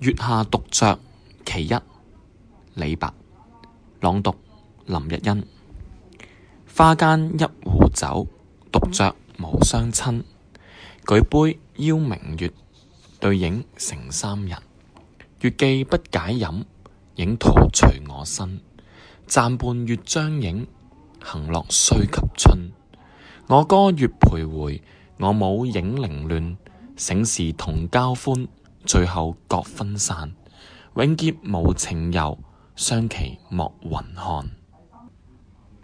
月下獨酌其一，李白。朗讀林日欣。花間一壺酒，獨酌無相親。舉杯邀明月，對影成三人。月既不解飲，影徒隨我身。暫伴月將影，行樂須及春。我歌月徘徊，我舞影零亂。醒時同交歡。最後各分散，永結無情遊，相期邈雲漢。